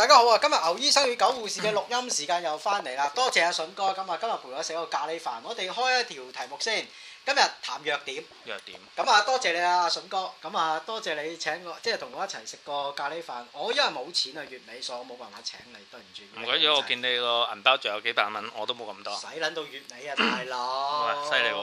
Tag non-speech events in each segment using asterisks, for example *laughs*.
大家好啊！今日牛醫生與狗護士嘅錄音時間又翻嚟啦，多謝阿筍哥。咁啊，今日陪我食個咖喱飯，我哋開一條題目先。今日談弱點？弱點？咁啊，多謝你啊，筍哥。咁啊，多謝你請我，即係同我一齊食個咖喱飯。我、哦、因為冇錢啊，月尾所以我冇辦法請你對唔住。唔緊要，我見你個銀包仲有幾百蚊，我都冇咁多。使捻到月尾啊，大佬！犀利喎，筍、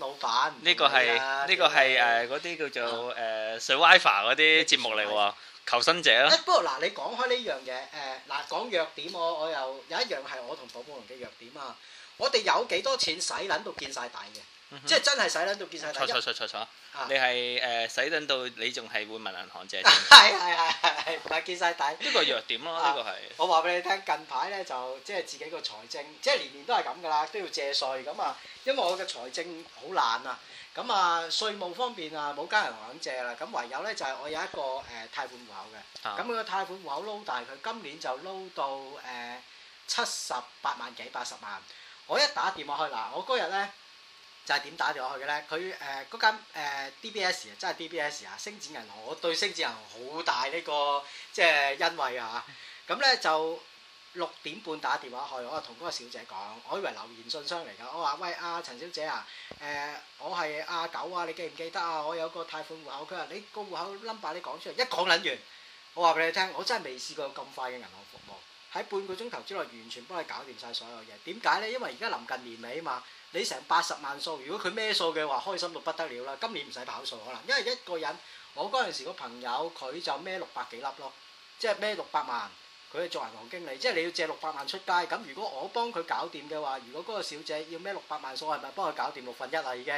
*coughs* 哦啊、老闆。呢、啊、個係呢、這個係誒嗰啲叫做誒 Survivor 嗰啲節目嚟喎、啊。求生者啦不過，不如嗱，你講開呢樣嘢，誒、呃、嗱，講弱點我我又有，有一樣係我同寶寶龍嘅弱點啊，我哋有幾多錢使撚到見晒底嘅，即係真係使撚到見晒底。錯錯錯錯錯，你係誒使撚到你仲係會問銀行借錢，係係係係係，唔係見曬底。呢個係弱點咯，呢個係。我話俾你聽，近排咧就即係自己個財政，即係年年都係咁噶啦，都要借稅咁啊，因為我嘅財政好爛啊。咁啊，稅務方面啊，冇加銀行肯借啦，咁、啊、唯有咧就係、是、我有一個誒貸款戶口嘅，咁佢、啊、個貸款戶口撈大佢，今年就撈到誒、呃、七十八萬幾八十萬，我一打電話去嗱，我嗰日咧就係、是、點打電話去嘅咧，佢誒嗰間、呃、DBS 真係 DBS 啊，星展銀行，我對星展銀行好大呢、這個即係欣慰啊，咁、啊、咧、嗯、就。六點半打電話去，我同嗰個小姐講，我以為留言信箱嚟㗎。我話：喂，阿、啊、陳小姐、呃、啊，誒，我係阿九啊，你記唔記得啊？我有個貸款戶口，佢話：你個戶口 number 你講出嚟，一講撚完。我話俾你聽，我真係未試過咁快嘅銀行服務，喺半個鐘頭之內完全幫你搞掂晒所有嘢。點解呢？因為而家臨近年尾嘛，你成八十萬數，如果佢孭數嘅話，開心到不得了啦。今年唔使跑數可能，因為一個人，我嗰陣時個朋友佢就孭六百幾粒咯，即係孭六百萬。佢係做銀行經理，即係你要借六百萬出街，咁如果我幫佢搞掂嘅話，如果嗰個小姐要咩六百萬數，係咪幫佢搞掂六分一喇？已經，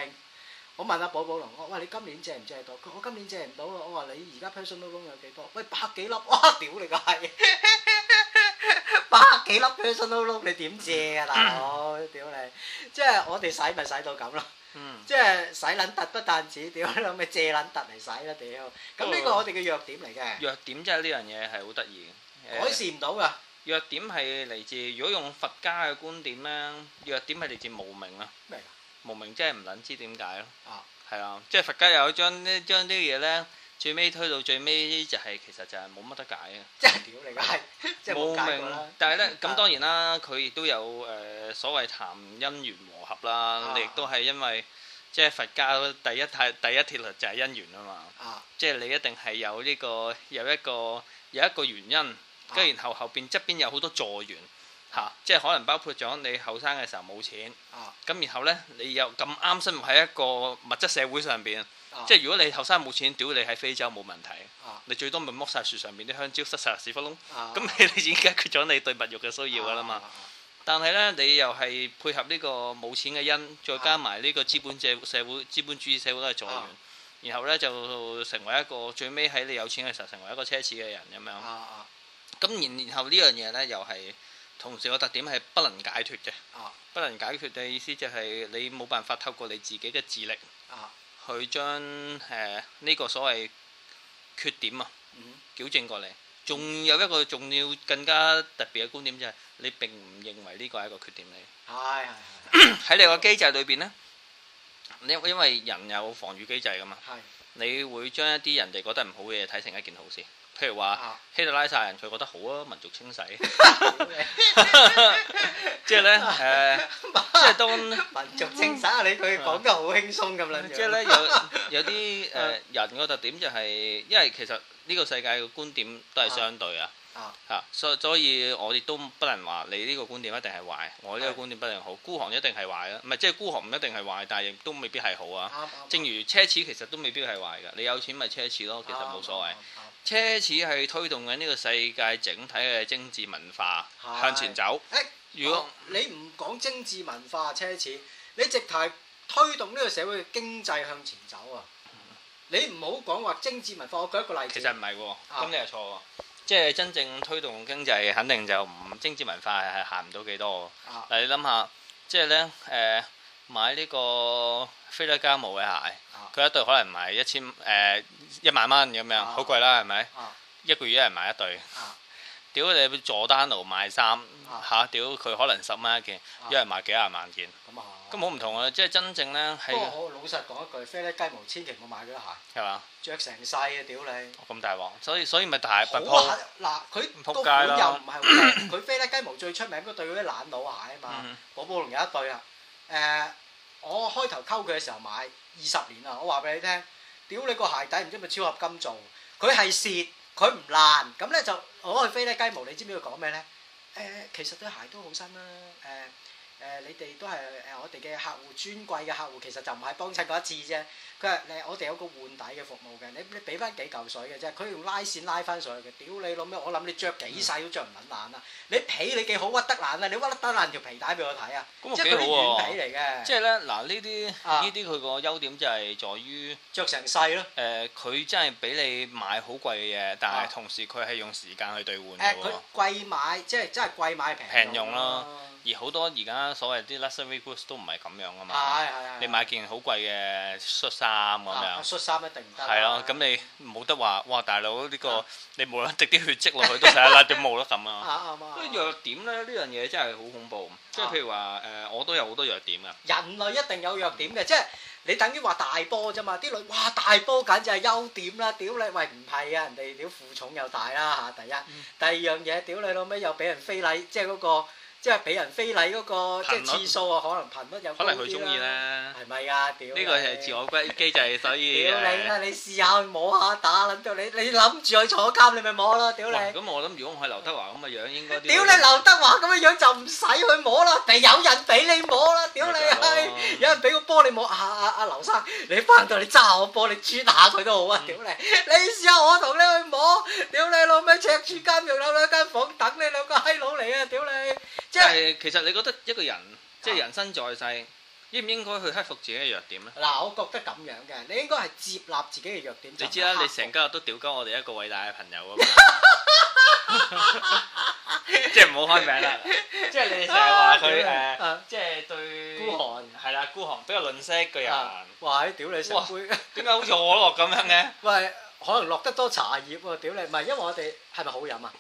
我問阿寶寶龍，我，喂你今年借唔借到？佢話我今年借唔到咯。我話你而家 personal loan 有幾多？喂百幾粒，哇屌你個閪，百幾粒 personal loan 你點借啊大佬？屌你！即係我哋使咪使到咁咯，即係使撚突不但止，屌你，咪借撚突嚟使啦屌！咁呢個我哋嘅弱點嚟嘅。弱點即係呢樣嘢係好得意。改善唔到噶。弱點係嚟自，如果用佛家嘅觀點咧，弱點係嚟自無明啊。咩？無明即係唔撚知點解咯。啊，係啊，即係佛家有將啲將啲嘢咧，最尾推到最尾就係其實就係冇乜得解嘅。即係點嚟噶？即係冇解啦。但係咧，咁當然啦，佢亦都有誒所謂談因緣和合啦。你亦都係因為即係佛家第一太第一鐵律就係因緣啊嘛。啊，即係你一定係有呢個有一個有一個原因，跟住，然後後邊側邊有好多助緣，嚇，即係可能包括咗你後生嘅時候冇錢，咁然後呢，你又咁啱身喺一個物質社會上邊，即係如果你後生冇錢，屌你喺非洲冇問題，你最多咪剝晒樹上面啲香蕉，塞曬屎窟窿，咁你已經解決咗你對物欲嘅需要噶啦嘛。但係呢，你又係配合呢個冇錢嘅因，再加埋呢個資本制社會、資本主義社會嘅助緣，然後呢，就成為一個最尾喺你有錢嘅時候成為一個奢侈嘅人咁樣。咁然然後呢樣嘢呢，又係同時個特點係不能解脱嘅，啊、不能解決嘅意思就係你冇辦法透過你自己嘅智力去將誒呢、啊呃呢個所謂缺點啊，矯、嗯、正過嚟。仲有一個重要更加特別嘅觀點就係你並唔認為呢個係一個缺點嚟，係係喺你個機制裏邊呢，因因為人有防禦機制噶嘛，哎、你會將一啲人哋覺得唔好嘅嘢睇成一件好事。譬如話希特拉殺人，佢覺得好啊，民族清洗，即係咧誒，即係當民族清洗啊！你佢講得好輕鬆咁啦，即係咧有有啲誒人個特點就係，因為其實呢個世界嘅觀點都係相對啊，嚇，所所以我哋都不能話你呢個觀點一定係壞，我呢個觀點不一定好，孤寒一定係壞啦，唔係即係孤寒唔一定係壞，但係亦都未必係好啊。正如奢侈其實都未必係壞噶，你有錢咪奢侈咯，其實冇所謂。奢侈係推動緊呢個世界整體嘅政治文化的向前走。誒，如果，哦，你唔講政治文化奢侈，你直頭係推動呢個社會經濟向前走啊！嗯、你唔好講話政治文化，我舉一個例子。其實唔係喎，噉你係錯喎，即、就、係、是、真正推動經濟，肯定就唔政治文化係行唔到幾多。嗱，啊，你諗下，即係咧誒。呃買呢個菲拉加姆嘅鞋，佢一對可能買一千誒一萬蚊咁樣，好貴啦，係咪？一個月一人買一對。屌你，佐丹奴買衫吓，屌佢可能十蚊一件，一人買幾廿萬件。咁啊好。咁好唔同啊，即係真正咧係。不過我老實講一句，菲拉加姆千祈唔好買佢鞋。係嘛？着成世啊！屌你。咁大鑊，所以所以咪大鑊嗱，佢都本又唔係，佢菲拉加姆最出名都對嗰啲懶佬鞋啊嘛。寶寶龍有一對啊。誒、呃，我開頭溝佢嘅時候買二十年啦，我話俾你聽，屌你個鞋底唔知咪超合金做，佢係蝕，佢唔爛，咁咧就攞去飛呢雞毛，你知唔知佢講咩咧？誒、呃，其實對鞋都好新啦，誒、呃。誒，你哋都係誒，我哋嘅客戶，專櫃嘅客戶，其實就唔係幫襯過一次啫。佢係誒，我哋有個換底嘅服務嘅，你你俾翻幾嚿水嘅啫。佢用拉線拉翻上去嘅，屌你老咩！我諗你着幾細都着唔撚爛啦。嗯、你皮你幾好屈得爛啊！你屈得爛條皮帶俾我睇啊！咁啊底嚟嘅，即係咧嗱，呢啲呢啲佢個優點就係在於着、啊、成細咯。誒、佢、呃、真係俾你買好貴嘅嘢，但係同時佢係用時間去對換佢、啊、貴買，即係真係貴買平用咯。而好多而家所謂啲 luxury goods 都唔係咁樣㗎嘛，你買件好貴嘅恤衫咁樣，恤衫一定唔得。係咯，咁你冇得話，哇！大佬呢個你無論滴啲血跡落去都成日甩啲毛咯咁啊。啊嘛，啲弱點咧呢樣嘢真係好恐怖，即係譬如話誒，我都有好多弱點嘅。人類一定有弱點嘅，即係你等於話大波啫嘛。啲女哇大波簡直係優點啦，屌你喂唔係啊！人哋屌負重又大啦嚇，第一，第二樣嘢屌你老味又俾人非禮，即係嗰個。即係俾人非禮嗰個，即係次數啊，可能頻率有。可能佢中意咧。係咪啊？屌！呢個係自我規機制，所以屌你啊！你試下去摸下打，諗住你你諗住去坐監，你咪摸咯！屌你！咁我諗，如果我係劉德華咁嘅樣，應該屌你劉德華咁嘅樣就唔使去摸啦，地有人俾你摸啦，屌你係！有人俾個波你摸啊啊啊！劉生，你翻到你揸下我波，你主打佢都好啊！屌你！你試下我同你去摸，屌你老味！赤柱監獄有兩間房等你兩個閪佬嚟啊！屌你！即係其實你覺得一個人即係人生在世，應唔應該去克服自己嘅弱點呢？嗱，我覺得咁樣嘅，你應該係接納自己嘅弱點。你知啦，你成家都屌鳩我哋一個偉大嘅朋友啊嘛！即係唔好開名啦！即係你成日話佢誒，即係對孤寒係啦，孤寒比較吝嗇嘅人。哇！屌你成杯，點解好似我落咁樣嘅？喂，可能落得多茶葉喎？屌你，唔係。因為我哋係咪好飲啊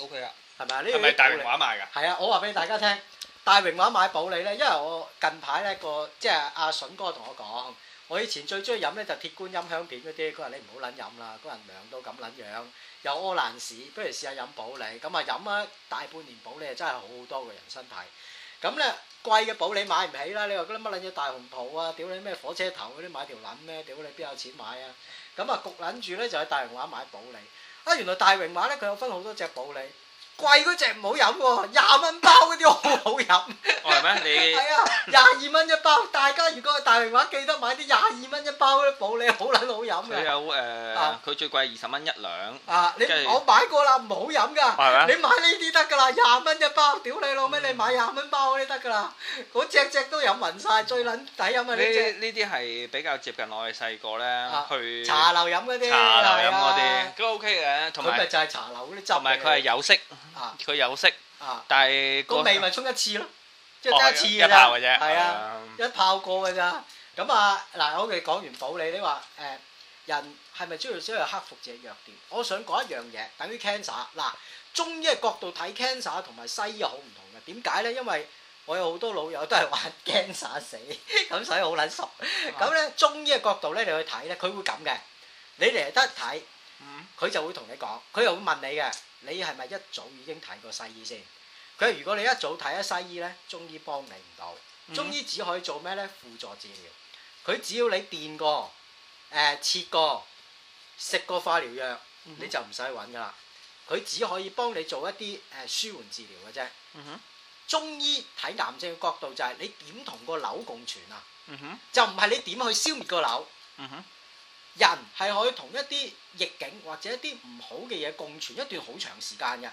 ？O K 啊！係咪呢個大榮華買噶？係啊，我話俾大家聽，大榮華買普洱咧，因為我近排咧個即係阿筍哥同我講，我以前最中意飲咧就鐵觀音香片嗰啲，佢話你唔好撚飲啦，嗰人涼都咁撚樣，又屙爛屎，不如試下飲普洱。咁啊飲啊大半年普洱，真係好好多個人身體。咁咧貴嘅普洱買唔起啦，你話嗰啲乜撚嘢大紅袍啊？屌你咩火車頭嗰啲買條撚咩？屌你邊有錢買啊？咁啊焗撚住咧就喺大榮華買普洱。啊，原來大榮華咧佢有分好多隻普洱。貴嗰隻唔好飲喎，廿蚊包嗰啲好好飲。係咩？你係啊，廿二蚊一包。大家如果去大連玩，記得買啲廿二蚊一包嗰啲補，你好撚好飲嘅。佢有誒，佢最貴二十蚊一兩。啊，我買過啦，唔好飲㗎。係咩？你買呢啲得㗎啦，廿蚊一包，屌你老味，你買廿蚊包嗰啲得㗎啦。嗰隻隻都飲勻曬，最撚抵飲啊！呢隻呢啲係比較接近我哋細個咧去茶樓飲嗰啲。茶樓飲嗰啲都 OK 嘅，同埋就係茶樓嗰啲汁嚟。同埋佢係有色。啊！佢有識啊，但係個味咪沖一次咯，即係得一次嘅咋，係啊，一泡過㗎咋。咁啊，嗱，我哋講完道理，你話誒人係咪需要需要克服自己弱點？我想講一樣嘢，等於 cancer。嗱，中醫嘅角度睇 cancer 同埋西醫好唔同嘅。點解咧？因為我有好多老友都係話驚 cancer 死，咁所以好撚熟。咁咧，中醫嘅角度咧，你去睇咧，佢會咁嘅。你嚟得睇，佢就會同你講，佢又會問你嘅。你係咪一早已經睇過西醫先？佢如果你一早睇咗西醫呢，中醫幫你唔到，中醫只可以做咩呢？輔助治療。佢只要你電過、呃、切過、食過化療藥，你就唔使揾噶啦。佢只可以幫你做一啲誒舒緩治療嘅啫。哼，中醫睇癌症嘅角度就係你點同個瘤共存啊？哼，就唔係你點去消滅個瘤。哼。人係可以同一啲逆境或者一啲唔好嘅嘢共存一段好長時間嘅。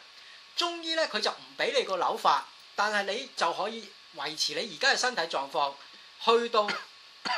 中醫呢，佢就唔俾你個瘤法，但係你就可以維持你而家嘅身體狀況，去到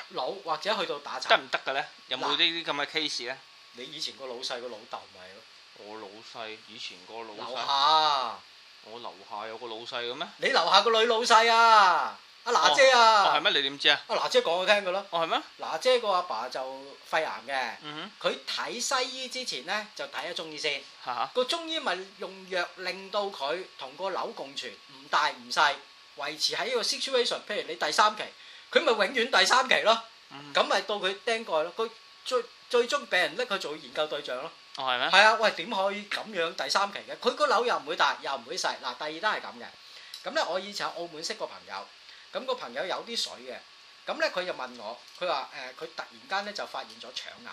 老或者去到打殘。得唔得嘅咧？有冇呢啲咁嘅 case 呢？啊、你以前個老細個老豆咪咯。我老細以前個老豆。樓下。我樓下有個老細嘅咩？你樓下個女老細啊！阿娜姐啊，係咩？你點知啊？阿娜姐講我聽嘅咯。哦，係咩？娜姐個阿爸就肺癌嘅。嗯哼。佢睇西醫之前咧，就睇中醫先。吓。個中醫咪用藥令到佢同個瘤共存，唔大唔細，維持喺個 situation。譬如你第三期，佢咪永遠第三期咯。嗯。咁咪到佢釘過咯，佢最最終俾人拎佢做研究對象咯。哦，係咩？係啊，喂，點可以咁樣第三期嘅？佢個瘤又唔會大，又唔會細。嗱，第二單係咁嘅。咁咧，我以前喺澳門識個朋友。咁個朋友有啲水嘅，咁咧佢就問我，佢話誒佢突然間咧就發現咗腸癌，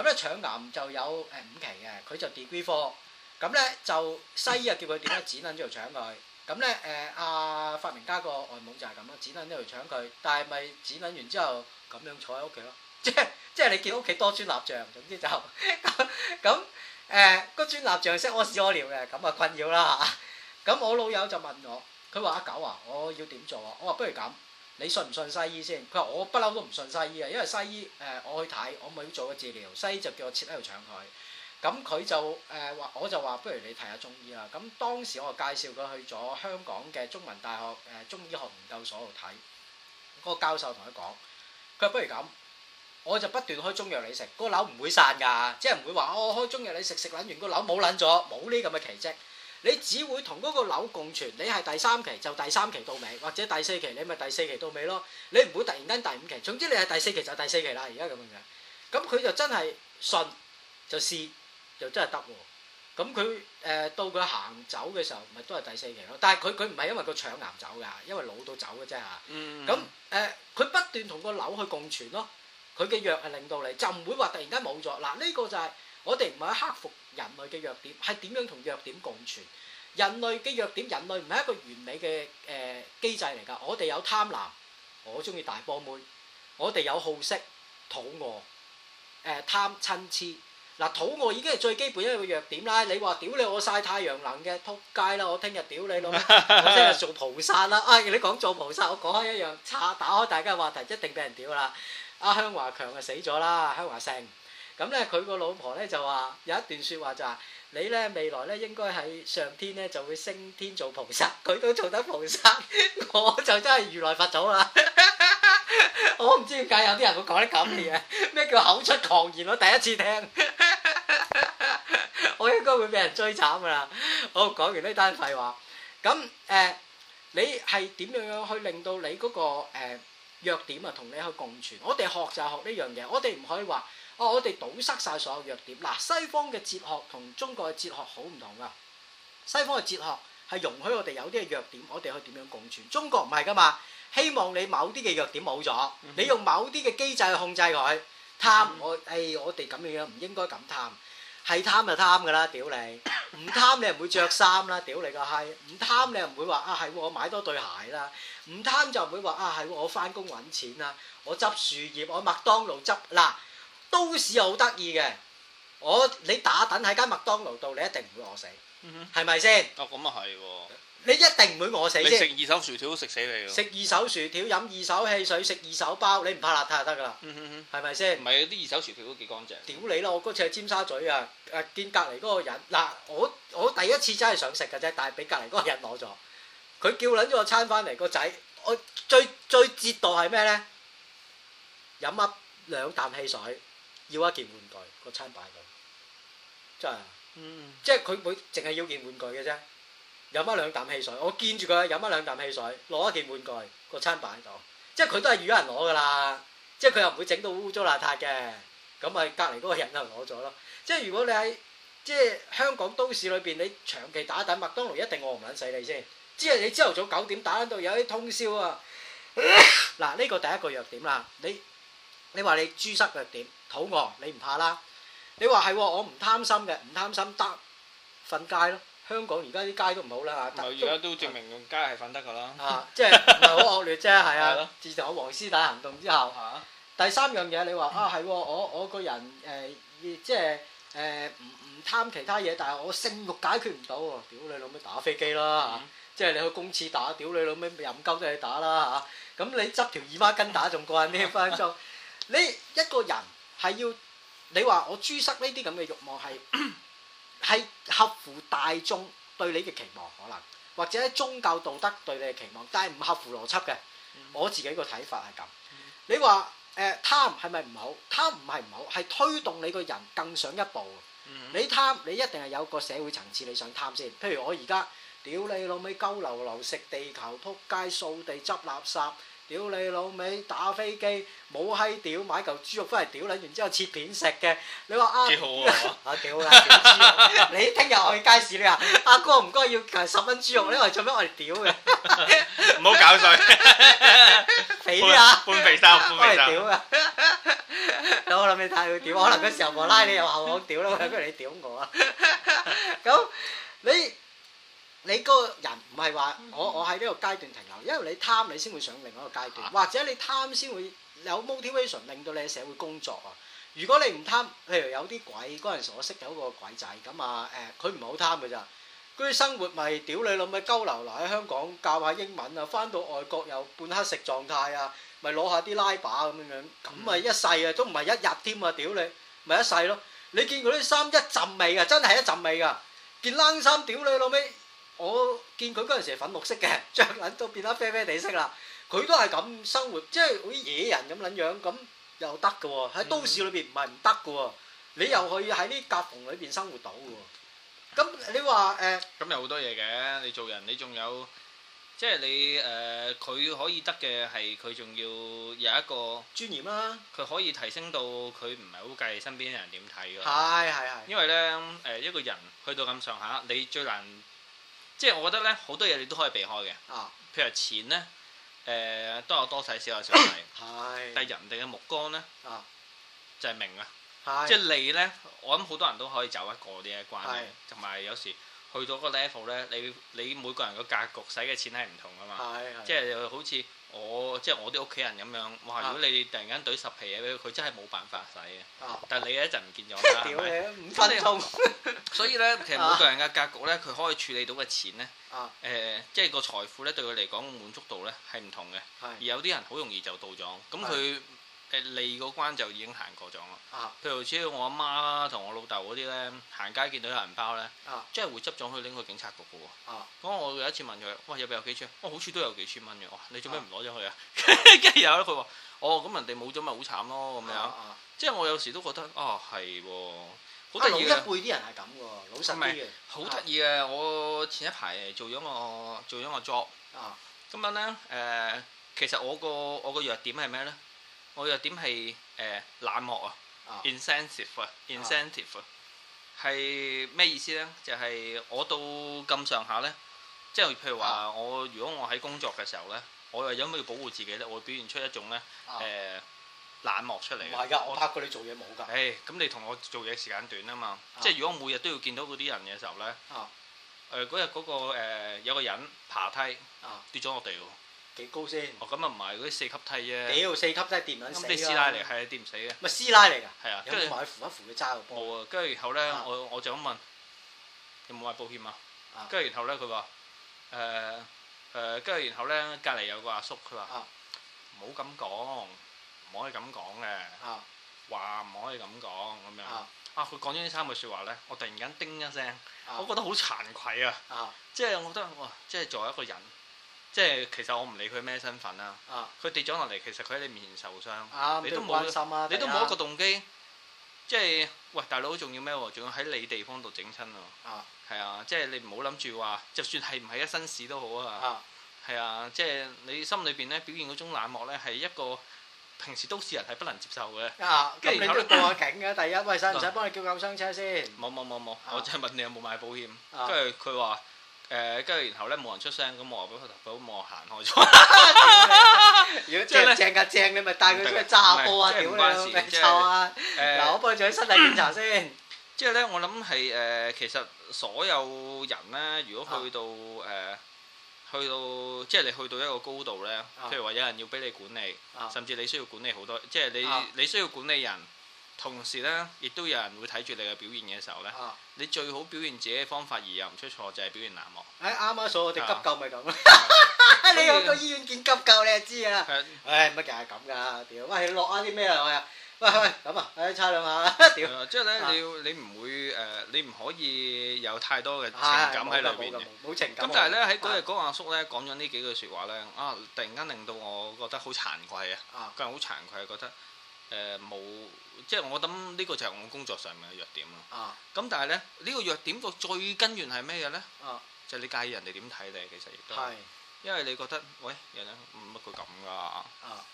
咁咧腸癌就有誒五期嘅，佢就 degree four，咁咧就西醫啊叫佢點樣剪撚咗條腸佢，咁咧誒阿發明家個外母就係咁樣，剪撚咗條腸佢，但係咪剪撚完之後咁樣坐喺屋企咯？即即係你見屋企多尊蠟像，總之就咁咁誒個尊蠟像識屙屎屙尿嘅，咁啊困擾啦嚇，咁我老友就問我。佢話：阿九啊，我要點做啊？我話不如咁，你信唔信西醫先？佢話我不嬲都唔信西醫啊，因為西醫誒、呃、我去睇，我咪要做個治療，西醫就叫我切喺度搶佢。咁佢就誒話、呃，我就話不如你睇下中醫啦、啊。咁當時我就介紹佢去咗香港嘅中文大學誒、呃、中醫學研究所度睇，嗰個教授同佢講，佢話不如咁，我就不斷開中藥你食，個瘤唔會散㗎，即係唔會話我開中藥你食食攬完，個瘤冇攬咗，冇呢咁嘅奇蹟。你只會同嗰個樓共存，你係第三期就第三期到尾，或者第四期你咪第四期到尾咯。你唔會突然間第五期。總之你係第四期就第四期啦。而家咁樣樣。咁佢就真係信就試，就真係得喎。咁佢誒到佢行走嘅時候，咪都係第四期咯。但係佢佢唔係因為個腸癌走㗎，因為老到走嘅啫嚇。咁誒、mm，佢、mm. 呃、不斷同個樓去共存咯。佢嘅藥係令到你，就唔會話突然間冇咗嗱。呢、這個就係、是。我哋唔係克服人類嘅弱點，係點樣同弱點共存？人類嘅弱點，人類唔係一個完美嘅誒、呃、機制嚟㗎。我哋有貪婪，我中意大波妹；我哋有好色、肚餓、誒、呃、貪親痴。嗱、啊，肚餓已經係最基本一個弱點啦。你話屌你我曬太陽能嘅，撲街啦！我聽日屌你囉， *laughs* 我聽日做菩薩啦。啊、哎，你講做菩薩，我講開一樣，差打開大家嘅話題，一定俾人屌啦。阿、啊、香華強就死咗啦，香華盛。咁咧，佢個老婆咧就話有一段説話就話、是、你咧未來咧應該喺上天咧就會升天做菩薩，佢都做得菩薩，我就真係如來佛祖啦！ *laughs* 我唔知點解有啲人會講啲咁嘅嘢，咩叫口出狂言，我第一次聽， *laughs* 我應該會俾人追斬噶啦！好，講完呢單廢話，咁誒、呃，你係點樣樣去令到你嗰、那個、呃、弱點啊同你去共存？我哋學就學呢樣嘢，我哋唔可以話。我哋堵塞曬所有弱點嗱，西方嘅哲學同中國嘅哲學好唔同噶。西方嘅哲學係容許我哋有啲嘅弱點，我哋去點樣共存？中國唔係噶嘛，希望你某啲嘅弱點冇咗，你用某啲嘅機制去控制佢貪我。誒，我哋咁樣唔應該咁貪，係貪就貪噶啦，屌你！唔貪你又唔會著衫啦，屌你個閪！唔貪你又唔會話啊，係我買多對鞋啦，唔貪就唔會話啊，係我返工揾錢啦，我執樹葉，我麥當勞執嗱。都市又好得意嘅，我你打等喺間麥當勞度，你一定唔會餓死，係咪先？啊，咁啊係喎，你一定唔會餓死先。食二手薯條都食死你咯！食二手薯條、飲二手汽水、食二手包，你唔怕邋遢就得噶啦，係咪先？唔係，啲二手薯條都幾乾淨。屌你啦！我嗰次喺尖沙咀啊，誒見隔離嗰個人嗱，我我第一次真係想食㗎啫，但係俾隔離嗰個人攞咗。佢叫撚咗個餐翻嚟，個仔我最最折墮係咩咧？飲一兩啖汽水。要一件玩具，個餐擺喺度，真係，嗯、即係佢會淨係要件玩具嘅啫，飲翻兩啖汽水，我見住佢飲翻兩啖汽水，攞一件玩具，個餐擺喺度，即係佢都係預咗人攞㗎啦，即係佢又唔會整到污糟邋遢嘅，咁咪隔離嗰個人就攞咗咯。即係如果你喺即係香港都市裏邊，你長期打緊麥當勞，一定餓唔撚死你先。即係你朝頭早九點打緊到有啲通宵啊，嗱、呃、呢、呢個第一個弱點啦，你。你話你豬塞嘅點？肚餓你唔怕啦？你話係我唔貪心嘅，唔貪心得瞓街咯。香港而家啲街都唔好啦嚇。而家都證明用街係瞓得噶啦。啊，即係唔係好惡劣啫？係啊。的自從我黃絲帶行動之後嚇。第三樣嘢你話啊係喎，oger, 我我個人誒，即係誒唔唔貪其他嘢，但係我性慾解決唔到喎。屌你老味打飛機啦嚇！即係你去公廁打，屌你老味任鳩都去打啦嚇！咁你執條姨媽巾打仲過癮啲你一個人係要你話我豬塞呢啲咁嘅欲望，係係 *coughs* 合乎大眾對你嘅期望可能，或者宗教道德對你嘅期望，但係唔合乎邏輯嘅、嗯。我自己個睇法係咁、嗯。你話誒、呃、貪係咪唔好？貪唔係唔好，係推動你個人更上一步。嗯、你貪你一定係有個社會層次你想貪先。譬如我而家屌你老味，鳩流流食地球，撲街掃地執垃，垃圾。屌你老味，打飛機冇閪屌，買嚿豬肉翻嚟屌你，然之後切片食嘅。你話啊，啊幾好㗎？你聽日去街市，你話阿哥唔該要十蚊豬肉咧，我哋做咩我哋屌嘅？唔好搞水，肥啲啊！半肥三，半肥三。我哋屌啊！我諗你太會屌，可能嗰時候拉你又話我屌啦，不如你屌我啊！咁你。你嗰個人唔係話我我喺呢個階段停留，因為你貪你先會上另外一個階段，或者你貪先會有 motivation 令到你喺社會工作啊。如果你唔貪，譬如有啲鬼嗰陣時，我識到一個鬼仔咁啊，誒佢唔係好貪嘅咋，佢生活咪屌你老味鳩流流喺香港教下英文啊，翻到外國又半黑食狀態啊，咪攞下啲拉把咁樣樣，咁咪一世啊，都唔係一日添啊屌你，咪一世咯。你見佢啲衫一浸味啊，真係一浸味噶，件冷衫屌你老味。我見佢嗰陣時係粉綠色嘅，著眼都變得啡啡地色啦。佢都係咁生活，即係好似野人咁撚樣，咁又得嘅喎。喺都市裏邊唔係唔得嘅喎，你又可以喺啲夾縫裏邊生活到嘅喎。咁你話誒？咁有好多嘢嘅，你做人你仲有，即係你誒，佢、呃、可以得嘅係佢仲要有一個尊嚴啦。佢可以提升到佢唔係好計身邊人點睇嘅。係係係。因為咧誒、呃，一個人去到咁上下，你最難。即係我覺得咧，好多嘢你都可以避開嘅，啊、譬如錢咧，誒、呃、多有多使少有少使，是但係人哋嘅目光咧，就係明啊，明是即係你咧，我諗好多人都可以走一個呢一關嘅，同埋是有，有時去到個 level 咧，你你每個人嘅格局使嘅錢係唔同㗎嘛，即係好似。我即係我啲屋企人咁樣，哇！如果你突然間對十皮嘢俾佢，佢真係冇辦法使嘅。啊、但你一陣唔見咗啦，屌你 *laughs* 吧，五分痛。所以呢，其實每個人嘅格局呢，佢可以處理到嘅錢呢、啊呃，即係個財富呢對佢嚟講滿足度呢，係唔同嘅。而有啲人好容易就到咗，咁佢。誒利嗰關就已經行過咗咯。譬、啊、如似我阿媽同我老豆嗰啲咧，行街見到有銀包咧，即係、啊、會執咗去拎去警察局嘅喎。咁、啊、我有一次問佢，喂，入邊有幾千？我好似都有幾千蚊嘅。你做咩唔攞咗去啊？跟住有佢話，哦，咁、啊 *laughs* 哦、人哋冇咗咪好慘咯咁樣。啊啊、即係我有時都覺得，哦係喎，好得意嘅。老一輩啲人係咁嘅老實好得意嘅，我前一排做咗個做咗個 job。咁樣咧，誒、啊呃，其實我個我個弱點係咩咧？我又點係誒冷漠啊 insensitive 啊 insensitive 係咩意思呢？就係、是、我到咁上下呢。即係譬如話我如果我喺工作嘅時候呢，我又有咩要保護自己呢？我會表現出一種呢誒、啊呃、冷漠出嚟。唔係㗎，我拍過你做嘢冇㗎。咁、哎、你同我做嘢時間短啊嘛，啊即係如果每日都要見到嗰啲人嘅時候呢，嗰日嗰個、呃、有個人爬梯跌咗落地喎。幾高先？哦，咁啊唔係嗰啲四級梯啫。屌，四級真係掂唔死啊！咁啲師奶嚟係啊，掂唔死嘅。咪師奶嚟㗎。係啊。跟住話扶一扶佢揸個波？冇啊！跟住然後咧，我我就咁問：有冇話保險啊？跟住然後咧，佢話：誒誒，跟住然後咧，隔離有個阿叔，佢話：唔好咁講，唔可以咁講嘅。啊。話唔可以咁講咁樣。啊。佢講咗呢三句説話咧，我突然間叮一聲，我覺得好慚愧啊！即係我覺得，哇！即係作為一個人。即係其實我唔理佢咩身份啊。佢跌咗落嚟，其實佢喺你面前受傷，啊、你都冇關心啊，第一 你都冇一個動機，即係喂大佬仲要咩？仲要喺你地方度整親啊？係啊，即係你唔好諗住話，就算係唔係一身屎都好啊，係啊，即、就、係、是、你心裏邊咧表現嗰種冷漠咧，係一個平時都市人係不能接受嘅。跟住、啊、你都報下警嘅，咳咳第一，喂，使唔使幫你叫救傷車先？冇冇冇冇，我即係問你有冇買保險，跟住佢話。誒，跟住然後咧，冇人出聲，咁我話俾佢，我行開咗。如果正正㗎正，你咪帶佢出去炸波啊！點樣，冇錯啊！嗱，我幫佢做啲身體檢查先。即係咧，我諗係誒，其實所有人咧，如果去到誒，去到即係你去到一個高度咧，譬如話有人要俾你管理，甚至你需要管理好多，即係你你需要管理人。同時咧，亦都有人會睇住你嘅表現嘅時候咧，你最好表現自己嘅方法而又唔出錯，就係表現難忘。誒啱啱所，我哋急救咪咁咯。你去到醫院見急救，你就知啦。誒乜嘢係咁噶？屌喂，你落啲咩啊？去啊？喂喂，咁啊，誒差兩下喇。屌，即係咧，你你唔會誒，你唔可以有太多嘅情感喺裏邊，冇情感。咁但係咧，喺嗰日嗰個阿叔咧講咗呢幾句説話咧，啊突然間令到我覺得好慚愧啊，個人好慚愧啊，覺得。誒冇、呃，即係我諗呢個就係我工作上面嘅弱點啦。咁、啊、但係咧，呢、呢個弱點個最根源係咩嘢呢？啊、就即係你介意人哋點睇你，其實亦都係。是因為你覺得，喂，人哋乜個咁㗎？啊，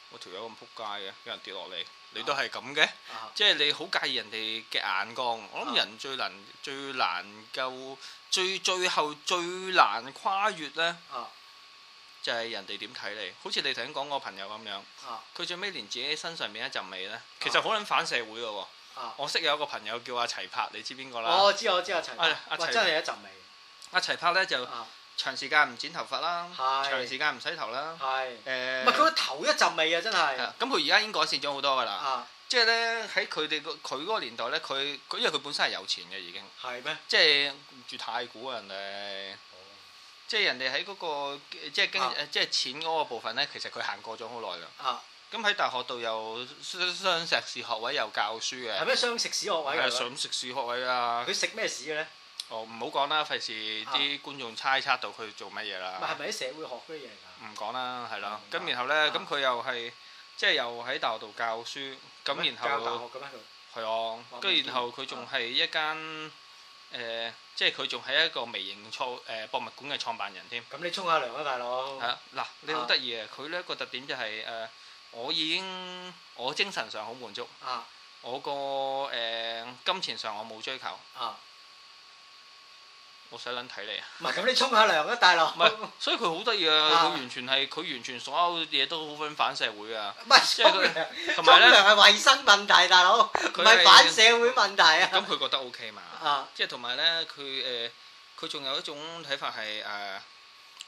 我條友咁撲街嘅，有人跌落嚟，你都係咁嘅。啊、即係你好介意人哋嘅眼光。我諗人最能、最難、夠、啊、最最後、最難跨越呢。啊就係人哋點睇你，好似你頭先講個朋友咁樣，佢、啊、最尾連自己身上面一陣味呢，其實好撚反社會嘅喎。啊、我識有一個朋友叫阿齊柏，你知邊個啦？我知我知齊、哎、阿齊柏，真係一陣味。阿、啊、齊柏呢，就長時間唔剪頭髮啦，是長時間唔洗頭啦。係誒是，唔係佢個頭一陣味啊，真係。咁佢而家已經改善咗好多㗎啦，即係、啊、呢，喺佢哋個佢嗰個年代呢，佢佢因為佢本身係有錢嘅已經。係咩嗎？即係住太古嘅人哋。即係人哋喺嗰個即係經即係錢嗰個部分呢，其實佢行過咗好耐啦。咁喺大學度又雙碩士學位又教書嘅。係咩雙碩士學位？係雙碩士學位啦。佢食咩屎嘅呢？哦，唔好講啦，費事啲觀眾猜測到佢做乜嘢啦。唔係，係咪喺社會學嘅嘢？唔講啦，係啦。咁然後呢，咁佢又係即係又喺大學度教書。咁然後。大學咁喺度。係啊，跟住然後佢仲係一間。誒、呃，即係佢仲係一個微型創誒博物館嘅創辦人添。咁你沖下涼啊，大佬。係啊，嗱，你好得意啊。佢呢個特點就係、是、誒、呃，我已經我精神上好滿足。啊。我個誒、呃、金錢上我冇追求。啊。我使捻睇你啊！唔係咁，你沖下涼啦，大佬。唔係，所以佢好得意啊！佢完全係，佢完全所有嘢都好反反社會啊！唔係沖涼，沖涼係衛生問題，大佬唔係反社會問題啊！咁佢覺得 OK 嘛？啊！即係同埋咧，佢誒，佢仲有一種睇法係誒，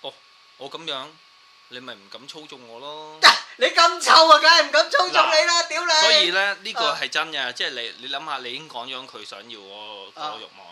哦，我咁樣，你咪唔敢操縱我咯？你咁臭啊，梗係唔敢操縱你啦！屌你！所以咧，呢個係真嘅，即係你你諗下，你已經講咗佢想要嗰個慾望。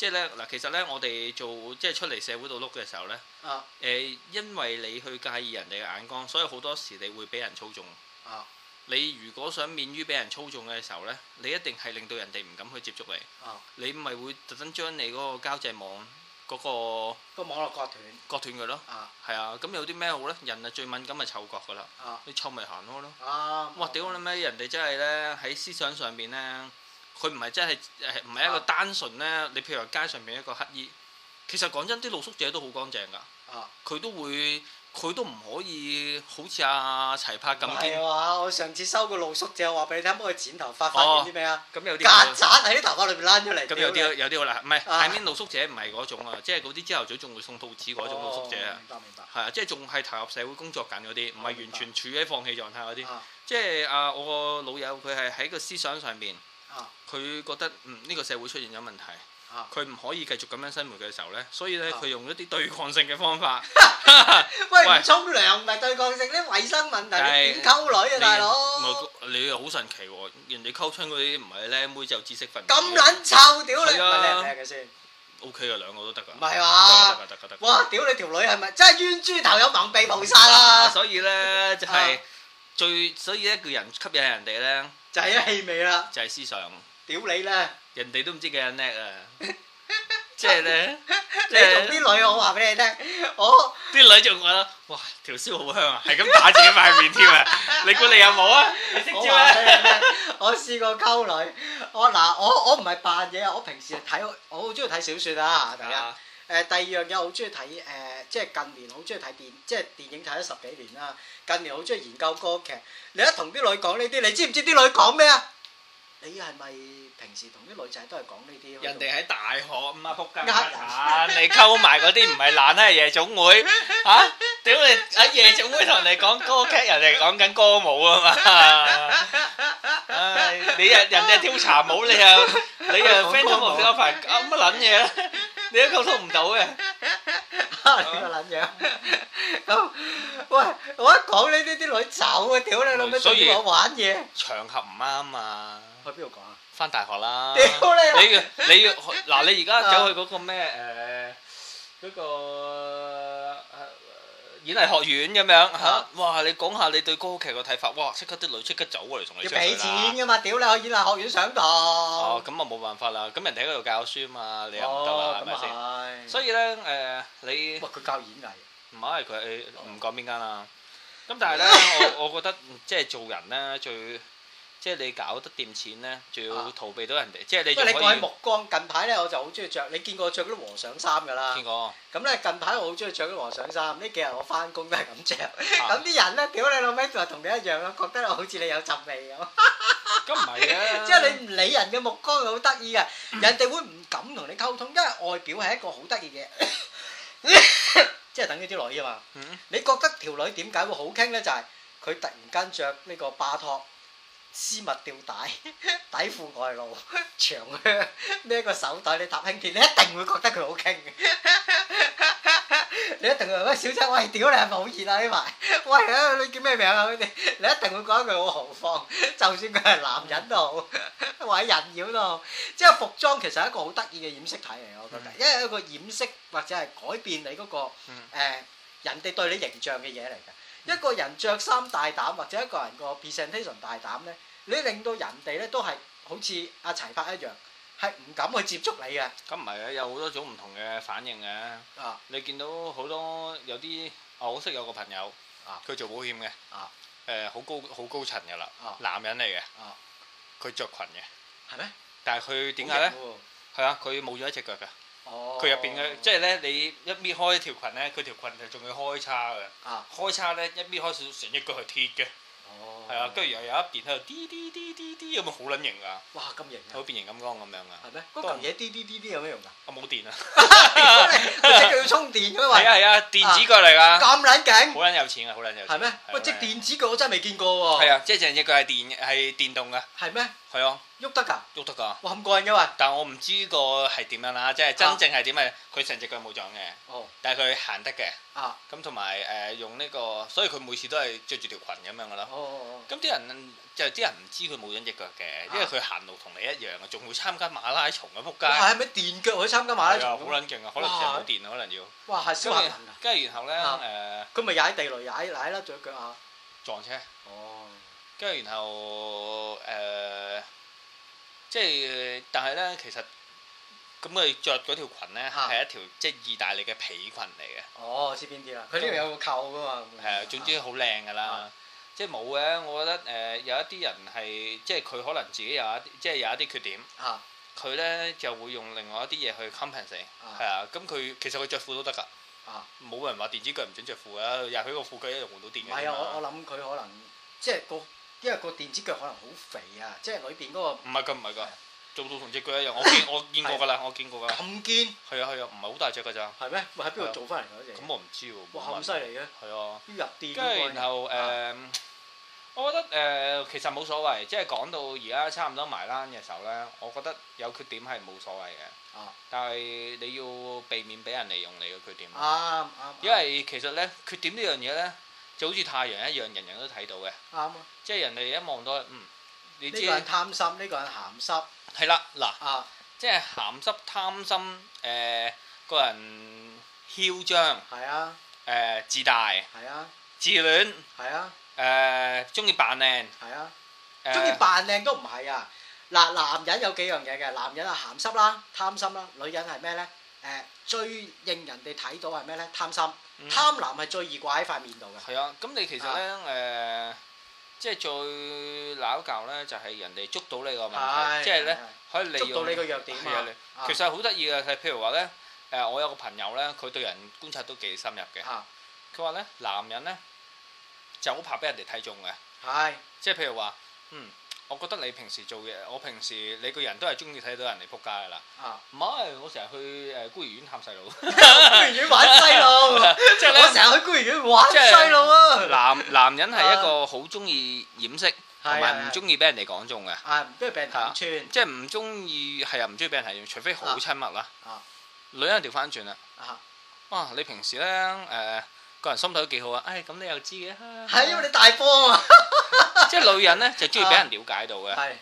即係咧，嗱，其實咧，我哋做即係出嚟社會度碌嘅時候咧，誒、啊呃，因為你去介意人哋嘅眼光，所以好多時你會俾人操縱。啊、你如果想免於俾人操縱嘅時候咧，你一定係令到人哋唔敢去接觸你。啊、你咪會特登將你嗰個交際網嗰個個網絡割斷，割斷佢咯。係啊，咁、啊、有啲咩好咧？人啊最敏感咪嗅覺噶啦，啊、你臭咪行開咯。哇！屌你咩？人哋真係咧喺思想上邊。咧。bon ka joke 佢唔係真係誒，唔係一個單純咧。你譬如話街上面一個乞兒，其實講真，啲露宿者都好乾淨噶。佢都會，佢都唔可以好似阿齊柏咁。唔係啊，我上次收個露宿者，話俾你聽，幫佢剪頭髮，發現啲咩啊？咁有啲曱甴喺啲頭髮裏面躝出嚟。咁有啲，有啲好啦。唔係下面露宿者唔係嗰種啊，即係嗰啲朝頭早仲會送兔子嗰種露宿者啊。明白，明白。係啊，即係仲係投入社會工作緊嗰啲，唔係完全處喺放棄狀態嗰啲。即係阿我個老友，佢係喺個思想上面。佢覺得嗯呢個社會出現咗問題，佢唔可以繼續咁樣生活嘅時候咧，所以咧佢用一啲對抗性嘅方法。喂，唔沖涼唔係對抗性啲衛生問題點溝女啊，大佬！你又好神奇喎，人哋溝春嗰啲唔係靚妹就知識分子。咁撚臭屌你，唔係靚唔靚嘅先？O K 啊，兩個都得噶。唔係話？得噶得噶得。哇！屌你條女係咪真係冤豬頭有盲鼻菩薩啊？所以咧就係最所以咧叫人吸引人哋咧。就係氣味啦，就係思想。屌你啦！人哋都唔知幾叻啊！ *laughs* 即係是咧， *laughs* 你同啲女我話俾你聽， *laughs* 我啲我女就覺得哇條燒好香啊，係咁打自己塊面添啊！ *laughs* 你估你有冇啊 *laughs* ？我試過溝女，我嗱我我唔係扮嘢啊！我平時睇我好中意睇小説啊，大家誒第二樣嘢我好中意睇誒，即、啊、係近年好中意睇電即係電影睇咗十幾年啦。啊近年好中意研究歌劇，你一同啲女講呢啲，你知唔知啲女講咩啊？你係咪平時同啲女仔都係講呢啲？人哋喺大學咁啊，仆街！啱，你溝埋嗰啲唔係懶咧，係夜總會嚇。屌你喺夜總會同人哋講歌劇，人哋講緊歌舞啊嘛。唉，你人人哋跳茶舞，你又你又 friend 唔到一排啱乜撚嘢咧？你都溝通唔到嘅。個卵樣？咁 *laughs* 喂，我一講呢啲啲女走啊！屌你，老味，所以我玩嘢？場合唔啱啊！去邊度講啊？翻大學啦！屌你！你你嗱，你而家走去嗰個咩誒？嗰、呃嗰個。演藝學院咁樣嚇，哇！你講下你對歌劇嘅睇法，哇！即刻啲女即刻走過嚟同你，要俾錢㗎嘛，屌你去演藝學院上堂，哦咁啊冇辦法啦，咁人哋喺度教書啊嘛，你又唔得啦，係咪先？所以咧誒，你喂佢教演藝，唔係佢唔講邊間啦。咁但係咧，我我覺得即係做人咧最。即係你搞得掂錢咧，仲要逃避到人哋，即係你。不過你個啲目光近排咧，我就好中意著。你見過我著嗰啲和尚衫㗎啦？見過。咁咧近排我好中意著嗰啲和尚衫，呢幾日我翻工都係咁著。咁啲人咧，屌你老味，就係同你一樣咯，覺得好似你有陣味咁。咁唔係嘅，即係你唔理人嘅目光係好得意嘅，人哋會唔敢同你溝通，因為外表係一個好得意嘅，即係等於啲女啊嘛。嗯。你覺得條女點解會好傾咧？就係佢突然間著呢個巴托。絲襪吊帶，底褲外露，長靴孭個手袋，你搭輕鐵，你一定會覺得佢好傾嘅。你一定話：喂小姐，喂屌你係咪好熱啊呢排？喂啊你叫咩名啊？你你一定會講一句好豪放，就算佢係男人都好，或者人妖都好，即係服裝其實係一個好得意嘅掩飾體嚟，我覺得，因為一個掩飾或者係改變你嗰個誒人哋對你形象嘅嘢嚟㗎。一個人着衫大膽，或者一個人個 presentation 大膽咧，你令到人哋咧都係好似阿齊柏一樣，係唔敢去接觸你嘅。咁唔係嘅，有好多種唔同嘅反應嘅、啊。啊！你見到好多有啲，我識有個朋友，佢做保險嘅，誒好、啊呃、高好高層嘅啦，啊、男人嚟嘅，佢着裙嘅。係咩？但係佢點解咧？係啊，佢冇咗一隻腳㗎。佢入邊嘅，即係咧，你一搣開條裙咧，佢條裙就仲要開叉嘅。啊，開叉咧，一搣開成成隻腳係鐵嘅。哦，係啊，跟住又有一邊喺度，滴滴滴滴滴，咁樣好撚型噶。哇，咁型啊！好變形金剛咁樣噶。係咩？嗰根嘢滴滴滴滴有咩用噶？啊，冇電啊！即係要充電咁啊！係啊係啊，電子腳嚟噶。咁撚勁！好撚有錢啊！好撚有錢。係咩？喂，即係電子腳，我真係未見過喎。係啊，即係成隻腳係電，係電動噶。係咩？係啊，喐得噶，喐得噶。哇，咁過癮嘅嘛！但係我唔知個係點樣啦，即係真正係點啊？佢成隻腳冇長嘅，哦，但係佢行得嘅。啊，咁同埋誒用呢個，所以佢每次都係着住條裙咁樣嘅咯。哦哦哦。咁啲人就係啲人唔知佢冇咗隻腳嘅，因為佢行路同你一樣啊，仲會參加馬拉松咁撲街。係咪電腳去參加馬拉松？好撚勁啊！可能成日冇電啊，可能要。哇！係小黑人啊！跟住然後咧，誒，佢咪踩地雷踩踩啦，着腳啊，撞車。哦。跟住然後誒，即係但係咧，其實咁佢着嗰條裙咧係一條即係意大利嘅皮裙嚟嘅。哦，我知邊啲啦？佢呢度有個扣噶嘛？係啊，總之好靚噶啦。即係冇嘅，我覺得誒有一啲人係即係佢可能自己有一啲即係有一啲缺點。嚇！佢咧就會用另外一啲嘢去 compensate。係啊，咁佢其實佢着褲都得㗎。啊！冇人話電子腳唔準着褲啊。入去個褲腳一樣換到電㗎。係啊，我我諗佢可能即係個。因為個電子腳可能好肥啊，即係裏邊嗰個。唔係噶，唔係噶，做到同隻腳一樣。我見我見過噶啦，我見過噶啦。咁堅？係啊係啊，唔係好大隻噶咋。係咩？喺邊度做翻嚟㗎？隻？咁我唔知喎。哇，咁犀利嘅。係啊。入電。跟然後誒，我覺得誒其實冇所謂，即係講到而家差唔多埋單嘅時候咧，我覺得有缺點係冇所謂嘅。但係你要避免俾人利用你嘅缺點。啱啱。因為其實咧，缺點呢樣嘢咧。就好似太陽一樣，人人都睇到嘅。啱啊！即係人哋一望到，嗯，你知。呢個人貪心，呢、這個人鹹濕。係啦，嗱啊，即係鹹濕貪心，誒、呃，個人囂張。係啊。誒、呃，自大。係啊。自戀。係啊。誒、呃，中意扮靚。係啊。誒、呃，中意扮靚都唔係啊！嗱、呃，男人有幾樣嘢嘅，男人啊鹹濕啦、貪心啦，女人係咩咧？誒，最令人哋睇到係咩咧？貪心、貪婪係最易掛喺塊面度嘅。係啊，咁你其實咧誒，即係最撈教咧，就係人哋捉到你個問題，即係咧可以利用捉到你個弱點啊！其實好得意嘅，譬如話咧，誒我有個朋友咧，佢對人觀察都幾深入嘅。佢話咧，男人咧就好怕俾人哋睇中嘅。係，即係譬如話，嗯。我覺得你平時做嘢，我平時你個人都係中意睇到人哋撲街噶啦。啊，唔係，我成日去誒孤兒院探細路，孤兒院玩細路。你成日去孤兒院玩細路啊。即係、男男人係一個好、啊、中意掩飾，同埋唔中意俾人哋講中嘅。啊，即係唔中意係啊，唔中意俾人睇，除非好親密啦。啊，女人調翻轉啦。啊，哇！你平時咧誒？呃個人心態都幾好啊！唉，咁你又知嘅嚇。係啊，因為你大方啊嘛。即係女人呢，就中意俾人了解到嘅。係。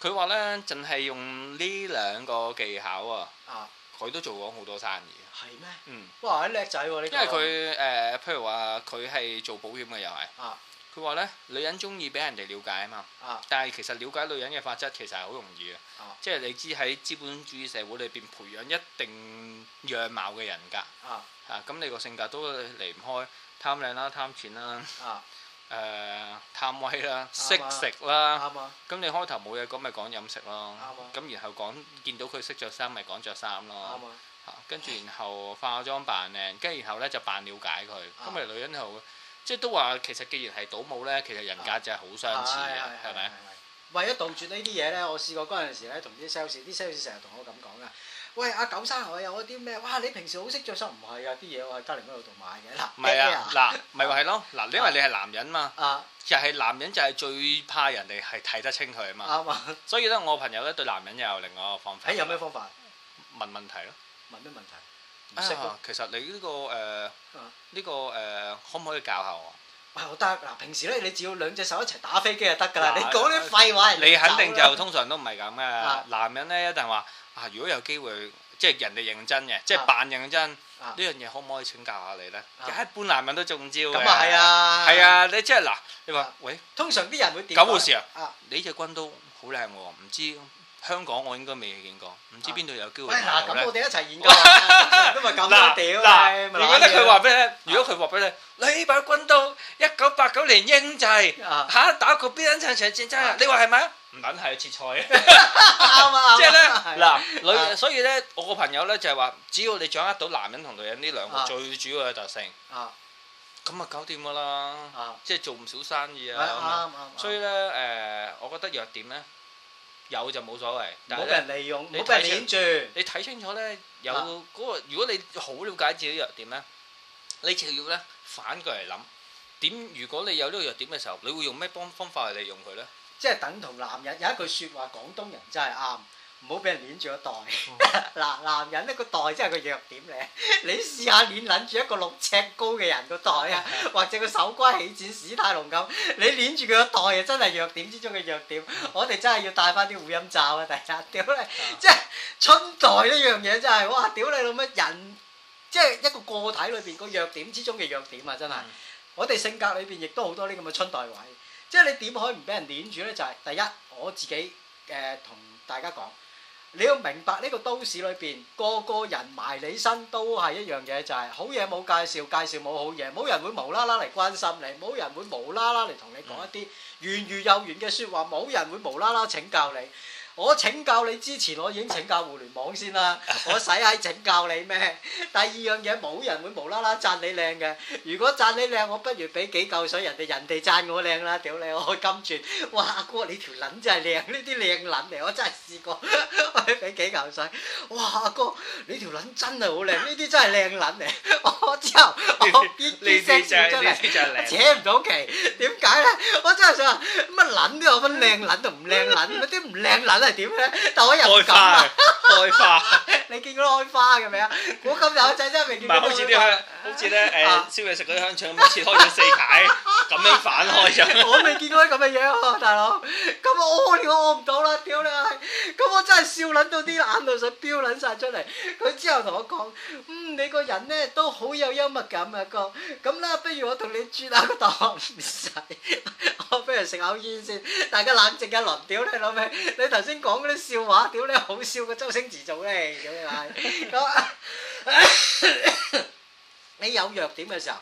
佢話呢，淨係用呢兩個技巧啊，佢都做咗好多生意。係咩？嗯。哇！叻仔喎，你。因為佢誒，譬如話佢係做保險嘅又係。啊。佢話呢，女人中意俾人哋了解啊嘛。但係其實了解女人嘅法則其實係好容易嘅。即係你知喺資本主義社會裏邊培養一定樣貌嘅人格。啊。啊，咁你個性格都離唔開貪靚啦、貪錢啦、誒貪威啦、識食啦。啱咁你開頭冇嘢講，咁咪講飲食咯。啱咁然後講見到佢識着衫，咪講着衫咯。跟住然後化妝扮靚，跟住然後咧就扮了解佢。咁咪女人又好，即係都話其實既然係賭舞咧，其實人格就係好相似嘅，係咪？為咗杜絕呢啲嘢咧，我試過嗰陣時咧，同啲 sales，啲 sales 成日同我咁講噶。喂，阿九生，我有啲咩？哇！你平時好識著衫，唔係啊啲嘢，我喺嘉玲嗰度度買嘅啦。唔係啊，嗱，咪話係咯，嗱，你因為你係男人嘛，就係男人就係最怕人哋係睇得清佢啊嘛。所以咧，我朋友咧對男人又有另外一個方法。誒，有咩方法？問問題咯，問咩問題？唔識啊。其實你呢個誒，呢個誒，可唔可以教下我？喂，我得嗱，平時咧你只要兩隻手一齊打飛機就得㗎啦，你講啲廢話。你肯定就通常都唔係咁嘅，男人咧一定話。啊！如果有機會，即係人哋認真嘅，即係扮認真呢樣嘢，可唔可以請教下你呢？一般男人都中招咁啊，係啊，係啊，你即係嗱，你話喂，通常啲人會點啊？啊，你隻軍刀好靚喎，唔知。香港我應該未見過，唔知邊度有機會。咁我哋一齊演講都咪咁咯屌！如果咧佢話咩佢話俾你？如果佢話俾你呢把軍刀一九八九年英製嚇打過邊陣場戰爭？你話係咪啊？唔撚係切菜啊！即係咧嗱女，所以咧我個朋友咧就係話，只要你掌握到男人同女人呢兩個最主要嘅特性，咁啊搞掂噶啦，即係做唔少生意啊。所以咧誒，我覺得弱點咧。有就冇所謂，唔好俾人利用，唔好俾人掩住，你睇清楚咧。有嗰個，如果你好了解自己弱點咧，你就要咧反過嚟諗點。如果你有呢個弱點嘅時候，你會用咩方方法去利用佢咧？即係等同男人有一句說話，廣東人真係啱。唔好俾人捻住個袋，嗱 caracter 經 過 男人呢、呢個袋真係個弱點嚟。 *laughs* 你試下捻捻住一個六尺高嘅人的 Dent, 個袋啊，或者個手瓜起展史泰龍咁，你捻住佢個袋啊，真係弱點之中嘅弱點。我哋真係要帶翻啲護陰罩啊！第日，屌你，即係春袋呢樣嘢真係，哇！屌你老乜人，即係一個個體裏邊個弱點之中嘅弱點啊！真係，的我哋性格裏邊亦都好多呢咁嘅春袋位。即係你點可以唔俾人捻住呢？就係第一，我自己誒同大家講。你要明白呢個都市裏邊個個人埋你身都係一樣嘢，就係、是、好嘢冇介紹，介紹冇好嘢，冇人會無啦啦嚟關心你，冇人會無啦啦嚟同你講一啲圓圓又圓嘅説話，冇人會無啦啦請教你。我請教你之前，我已經請教互聯網先啦。我使喺請教你咩？第二樣嘢冇人會無啦啦讚你靚嘅。如果讚你靚，我不如俾幾嚿水人哋，人哋讚我靚啦。屌你，我金鑽。哇，阿哥你條撚真係靚，呢啲靚撚嚟。我真係試過，喂，俾幾嚿水。哇，阿哥你條撚真係好靚，呢啲真係靚撚嚟。我之後啲聲真係靚，扯唔到旗。點解咧？我真係想話乜撚都有分靚撚同唔靚撚，嗰啲唔靚撚咧。係點咧？但我又咁啊！開花， *laughs* 你見過開花嘅未啊？我 *laughs* 今日仔真係未見過 *laughs* 好似啲香，好似咧誒，消、欸、夜食嗰啲香腸，好似開咗四解咁 *laughs* 樣反開，我未見過啲咁嘅嘢喎，大佬。咁我我我我唔到啦！屌你、啊，咁我真係笑撚到啲眼淚水飆撚晒出嚟。佢之後同我講：嗯，你個人咧都好有幽默感啊，哥。咁啦，不如我同你轉下個檔，唔使。我不如食口煙先，大家冷靜一輪屌你老、啊、味，你頭先。講嗰啲笑話，屌你，好笑過周星馳做咧，咁樣講。你有弱點嘅時候，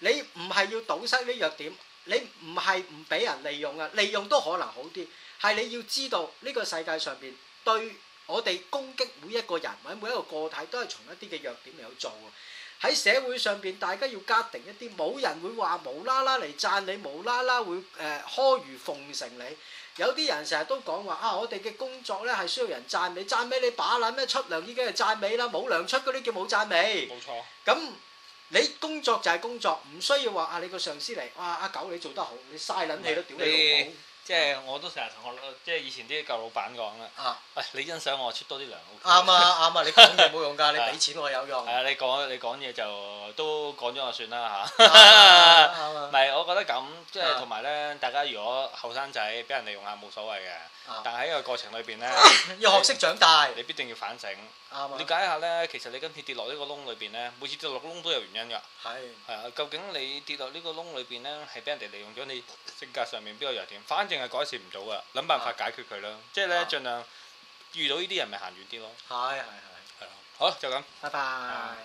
你唔係要堵塞啲弱點，你唔係唔俾人利用啊！利用都可能好啲，係你要知道呢個世界上邊對我哋攻擊每一個人或者每一個個體，都係從一啲嘅弱點嚟有做啊！喺社會上邊，大家要加定一啲，冇人會話無啦啦嚟贊你，無啦啦會誒阿諛奉承你。有啲人成日都講話啊，我哋嘅工作呢係需要人讚美，讚美你把撚咩？出糧已經係讚美啦，冇糧出嗰啲叫冇讚美。冇錯。咁你工作就係工作，唔需要話啊你個上司嚟，哇、啊、阿狗你做得好，你嘥撚氣都屌你老母。即係我都成日同我即係以前啲舊老闆講啦。啊，喂，你欣賞我出多啲糧好。啱啊，啱啊，你講嘢冇用㗎，你俾錢我有用。係啊，你講你講嘢就都講咗就算啦吓，啱啊。唔係，我覺得咁，即係同埋咧，大家如果後生仔俾人利用下冇所謂嘅，但係呢個過程裏邊咧，要學識長大。你必定要反省。了解一下咧，其實你今次跌落呢個窿裏邊咧，每次跌落個窿都有原因㗎。係。係啊，究竟你跌落呢個窿裏邊咧，係俾人哋利用咗你性格上面邊個弱點？反。淨係改善唔到噶，諗辦法解決佢啦。即係咧，儘量、啊、遇到呢啲人咪行遠啲咯。係係係。係咯，好，就咁，拜拜。啊。